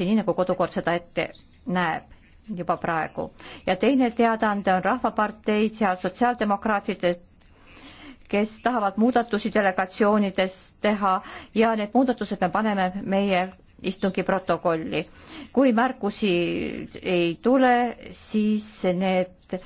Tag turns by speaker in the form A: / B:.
A: nii nagu kodukord seda ette näeb juba praegu. ja teine teadaanne on Rahvaparteid ja sotsiaaldemokraatidest, kes tahavad muudatusi delegatsioonides teha ja need muudatused me paneme meie istungi protokolli. kui märkusi ei tule, siis need